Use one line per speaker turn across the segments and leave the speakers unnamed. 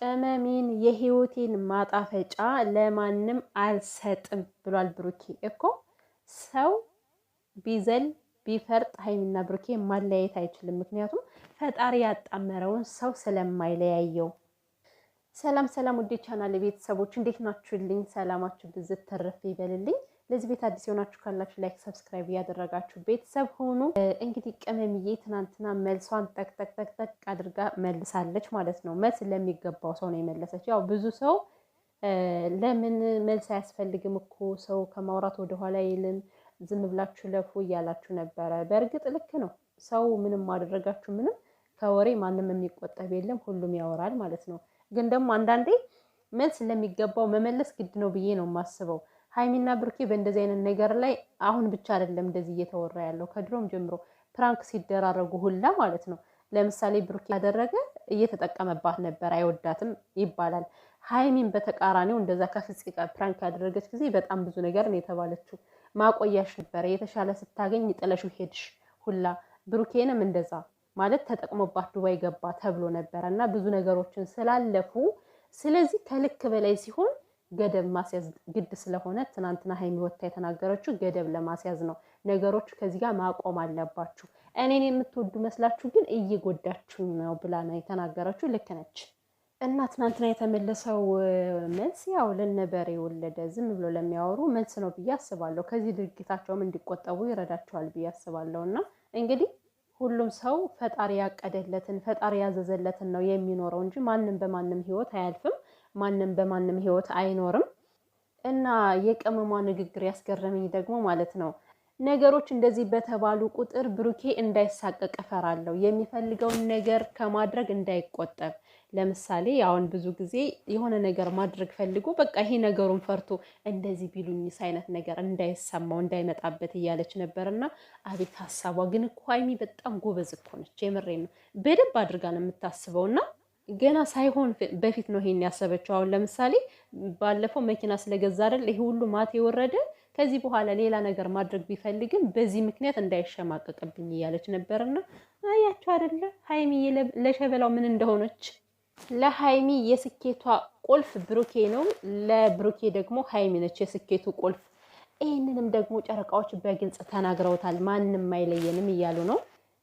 ቅመሜን የህይወቴን ማጣፈጫ ለማንም አልሰጥም ብሏል። ብሩኬ እኮ ሰው ቢዘል ቢፈርጥ ሀይሚና ብሩኬ ማለያየት አይችልም። ምክንያቱም ፈጣሪ ያጣመረውን ሰው ስለማይለያየው። ሰላም ሰላም፣ ውዴ ቻናል ቤተሰቦች እንዴት ናችሁልኝ? ሰላማችሁ ብዝት ተረፍ ይበልልኝ። ለዚህ ቤት አዲስ የሆናችሁ ካላችሁ ላይክ፣ ሰብስክራይብ እያደረጋችሁ ቤተሰብ ሆኑ። እንግዲህ ቅመምዬ ትናንትና መልሷን ጠቅጠቅጠቅጠቅ አድርጋ መልሳለች ማለት ነው። መልስ ለሚገባው ሰው ነው የመለሰች። ያው ብዙ ሰው ለምን መልስ አያስፈልግም እኮ ሰው ከማውራት ወደኋላ ይልም ዝም ብላችሁ ለፉ እያላችሁ ነበረ። በእርግጥ ልክ ነው። ሰው ምንም አደረጋችሁ ምንም ከወሬ ማንም የሚቆጠብ የለም፣ ሁሉም ያወራል ማለት ነው። ግን ደግሞ አንዳንዴ መልስ ለሚገባው መመለስ ግድ ነው ብዬ ነው የማስበው። ሀይሚና ብሩኬ በእንደዚህ አይነት ነገር ላይ አሁን ብቻ አይደለም እንደዚህ እየተወራ ያለው ከድሮም ጀምሮ ፕራንክ ሲደራረጉ ሁላ ማለት ነው። ለምሳሌ ብሩኬ ያደረገ እየተጠቀመባት ነበር፣ አይወዳትም ይባላል። ሀይሚን በተቃራኒው እንደዛ ከፍጽ ፕራንክ ያደረገች ጊዜ በጣም ብዙ ነገር ነው የተባለችው። ማቆያሽ ነበረ የተሻለ ስታገኝ ጥለሽው ሄድሽ ሁላ። ብሩኬንም እንደዛ ማለት ተጠቅሞባት ዱባይ ገባ ተብሎ ነበረ እና ብዙ ነገሮችን ስላለፉ ስለዚህ ከልክ በላይ ሲሆን ገደብ ማስያዝ ግድ ስለሆነ ትናንትና ሀይሚ ወታ የተናገረችው ገደብ ለማስያዝ ነው። ነገሮቹ ከዚህ ጋር ማቆም አለባችሁ፣ እኔን የምትወዱ መስላችሁ ግን እየጎዳችሁ ነው ብላ ነው የተናገረችው። ልክ ነች። እና ትናንትና የተመለሰው መልስ ያው ለነበሬ የወለደ ዝም ብሎ ለሚያወሩ መልስ ነው ብዬ አስባለሁ። ከዚህ ድርጊታቸውም እንዲቆጠቡ ይረዳቸዋል ብዬ አስባለሁ። እና እንግዲህ ሁሉም ሰው ፈጣሪ ያቀደለትን ፈጣሪ ያዘዘለትን ነው የሚኖረው እንጂ ማንም በማንም ህይወት አያልፍም። ማንም በማንም ህይወት አይኖርም። እና የቅመሟ ንግግር ያስገረመኝ ደግሞ ማለት ነው ነገሮች እንደዚህ በተባሉ ቁጥር ብሩኬ እንዳይሳቀቅ እፈራለሁ። የሚፈልገውን ነገር ከማድረግ እንዳይቆጠብ። ለምሳሌ አሁን ብዙ ጊዜ የሆነ ነገር ማድረግ ፈልጎ በቃ ይሄ ነገሩን ፈርቶ እንደዚህ ቢሉኝስ አይነት ነገር እንዳይሰማው እንዳይመጣበት እያለች ነበር። እና አቤት ሀሳቧ ግን እኮ ሀይሚ በጣም ጎበዝ እኮ ነች። የምሬ ነው። በደንብ አድርጋ ነው የምታስበው እና ገና ሳይሆን በፊት ነው ይሄን ያሰበችው። አሁን ለምሳሌ ባለፈው መኪና ስለገዛ አይደል ይሄ ሁሉ ማት የወረደ ከዚህ በኋላ ሌላ ነገር ማድረግ ቢፈልግም በዚህ ምክንያት እንዳይሸማቀቅብኝ እያለች ነበርና አያቸው አይደለ ሀይሚ ለሸበላው ምን እንደሆነች። ለሀይሚ የስኬቷ ቁልፍ ብሩኬ ነው፣ ለብሩኬ ደግሞ ሀይሚ ነች የስኬቱ ቁልፍ። ይህንንም ደግሞ ጨረቃዎች በግልጽ ተናግረውታል። ማንም አይለየንም እያሉ ነው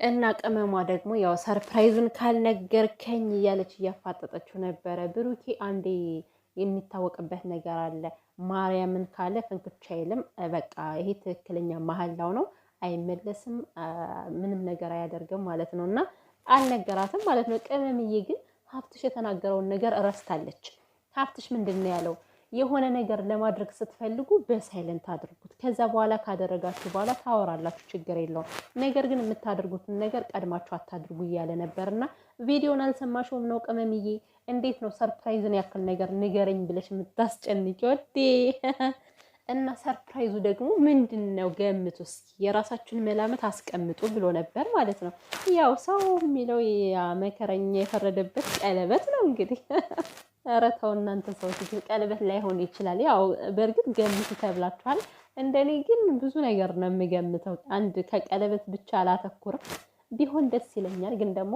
እና ቅመሟ ደግሞ ያው ሰርፕራይዙን ካልነገርከኝ እያለች እያፋጠጠችው ነበረ። ብሩኬ አንዴ የሚታወቅበት ነገር አለ። ማርያምን ካለ ፍንክቻ የለም። በቃ ይሄ ትክክለኛ መሀላው ነው። አይመለስም፣ ምንም ነገር አያደርግም ማለት ነው። እና አልነገራትም ማለት ነው። ቅመምዬ ግን ሀብትሽ የተናገረውን ነገር እረስታለች። ሀብትሽ ምንድን ነው ያለው? የሆነ ነገር ለማድረግ ስትፈልጉ በሳይለንት አድርጉት። ከዛ በኋላ ካደረጋችሁ በኋላ ታወራላችሁ፣ ችግር የለውም። ነገር ግን የምታደርጉትን ነገር ቀድማችሁ አታድርጉ እያለ ነበር እና ቪዲዮን አልሰማሽውም ነው ቅመምዬ? እንዴት ነው ሰርፕራይዝን ያክል ነገር ንገረኝ ብለሽ የምታስጨንቂ ወዴ? እና ሰርፕራይዙ ደግሞ ምንድን ነው ገምቱ እስኪ፣ የራሳችሁን መላመት አስቀምጡ ብሎ ነበር ማለት ነው። ያው ሰው የሚለው መከረኛ የፈረደበት ቀለበት ነው እንግዲህ ኧረ ተው እናንተ ሰዎች ግን ቀለበት ላይሆን ይችላል። ያው በእርግጥ ገምቱ ተብላችኋል። እንደኔ ግን ብዙ ነገር ነው የምገምተው። አንድ ከቀለበት ብቻ አላተኩርም። ቢሆን ደስ ይለኛል፣ ግን ደግሞ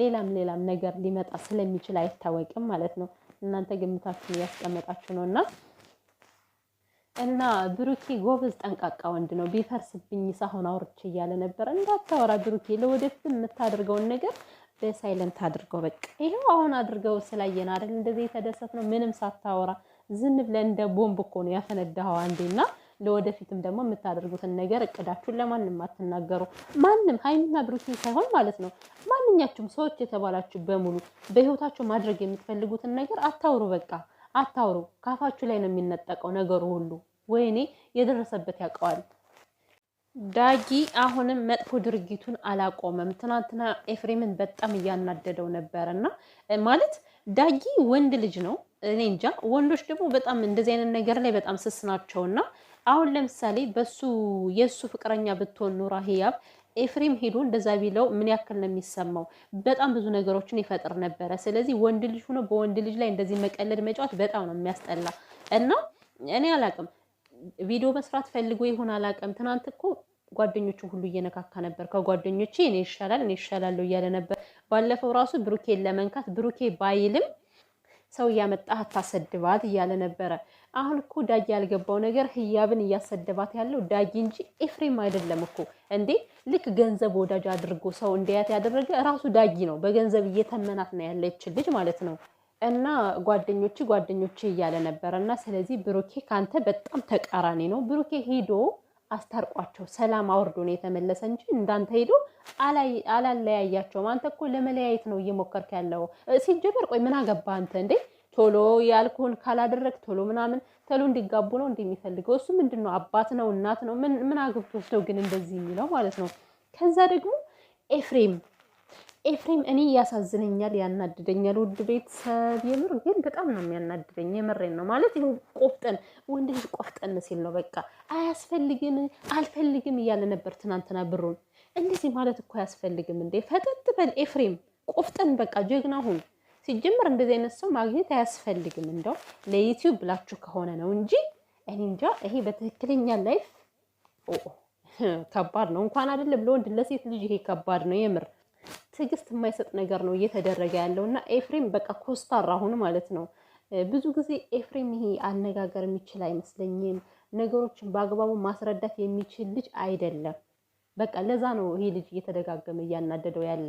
ሌላም ሌላም ነገር ሊመጣ ስለሚችል አይታወቅም ማለት ነው። እናንተ ግምታችሁን እያስቀመጣችሁ ነው እና እና ብሩኬ ጎበዝ ጠንቃቃ ወንድ ነው። ቢፈርስብኝ ሳሁን አውርቼ እያለ ነበር። እንዳታወራ ብሩኬ፣ ለወደፊት የምታደርገውን ነገር በሳይለንት አድርገው በቃ ይሄው አሁን አድርገው ስላየን አይደል እንደዚህ የተደሰት ነው። ምንም ሳታወራ ዝም ብለን እንደ ቦምብ እኮ ነው ያፈነዳኸው አንዴና ለወደፊትም ደግሞ የምታደርጉትን ነገር እቅዳችሁን ለማንም አትናገሩ። ማንም ሀይሚና ብሩኪን ሳይሆን ማለት ነው ማንኛችሁም ሰዎች የተባላችሁ በሙሉ በህይወታችሁ ማድረግ የምትፈልጉትን ነገር አታውሩ። በቃ አታውሩ። ካፋችሁ ላይ ነው የሚነጠቀው ነገሩ ሁሉ። ወይኔ የደረሰበት ያውቀዋል። ዳጊ አሁንም መጥፎ ድርጊቱን አላቆመም። ትናንትና ኤፍሬምን በጣም እያናደደው ነበር እና ማለት ዳጊ ወንድ ልጅ ነው። እኔ እንጃ ወንዶች ደግሞ በጣም እንደዚህ አይነት ነገር ላይ በጣም ስስ ናቸው። እና አሁን ለምሳሌ በሱ የእሱ ፍቅረኛ ብትሆን ኑራ ህያብ ኤፍሬም ሄዶ እንደዛ ቢለው ምን ያክል ነው የሚሰማው? በጣም ብዙ ነገሮችን ይፈጥር ነበረ። ስለዚህ ወንድ ልጅ ሆኖ በወንድ ልጅ ላይ እንደዚህ መቀለድ መጫወት በጣም ነው የሚያስጠላ እና እኔ አላቅም ቪዲዮ መስራት ፈልጎ ይሆን አላውቅም። ትናንት እኮ ጓደኞቹ ሁሉ እየነካካ ነበር። ከጓደኞች እኔ ይሻላል እኔ ይሻላለሁ እያለ ነበር። ባለፈው ራሱ ብሩኬን ለመንካት ብሩኬ ባይልም ሰው እያመጣህ አታሰድባት እያለ ነበረ። አሁን እኮ ዳጊ ያልገባው ነገር ህያብን እያሰደባት ያለው ዳጊ እንጂ ኤፍሬም አይደለም እኮ እንዴ! ልክ ገንዘብ ወዳጅ አድርጎ ሰው እንዲያት ያደረገ ራሱ ዳጊ ነው። በገንዘብ እየተመናት ነው ያለች ልጅ ማለት ነው። እና ጓደኞች ጓደኞች እያለ ነበረ እና ስለዚህ ብሩኬ ካንተ በጣም ተቃራኒ ነው። ብሩኬ ሂዶ አስታርቋቸው ሰላም አውርዶ ነው የተመለሰ እንጂ እንዳንተ ሄዶ አላለያያቸውም። አንተ እኮ ለመለያየት ነው እየሞከርክ ያለው ሲጀመር። ቆይ ምን አገባ አንተ እንዴ? ቶሎ ያልኩህን ካላደረግ ቶሎ ምናምን ቶሎ እንዲጋቡ ነው እንደሚፈልገው እሱ። ምንድን ነው አባት ነው እናት ነው ምን አግብቶት ነው ግን እንደዚህ የሚለው ማለት ነው። ከዛ ደግሞ ኤፍሬም ኤፍሬም እኔ ያሳዝነኛል፣ ያናድደኛል። ውድ ቤተሰብ የምር ግን በጣም ነው የሚያናድደኝ። የምሬን ነው ማለት ይኸው ቆፍጠን ወንድ ልጅ ቆፍጠን ሲል ነው በቃ አያስፈልግም፣ አልፈልግም እያለ ነበር ትናንትና ብሩን። እንደዚህ ማለት እኮ አያስፈልግም እንዴ! ፈጠጥ በል ኤፍሬም፣ ቆፍጠን በቃ ጀግና ሁን። ሲጀምር እንደዚህ አይነት ሰው ማግኘት አያስፈልግም። እንደው ለዩቲዩብ ብላችሁ ከሆነ ነው እንጂ እኔ እንጃ። ይሄ በትክክለኛ ላይፍ ከባድ ነው እንኳን አይደለም ለወንድ ለሴት ልጅ ይሄ ከባድ ነው የምር ትዕግስት የማይሰጥ ነገር ነው እየተደረገ ያለው እና ኤፍሬም በቃ ኮስታራ አሁን ማለት ነው። ብዙ ጊዜ ኤፍሬም ይሄ አነጋገር የሚችል አይመስለኝም። ነገሮችን በአግባቡ ማስረዳት የሚችል ልጅ አይደለም። በቃ ለዛ ነው ይሄ ልጅ እየተደጋገመ እያናደደው ያለ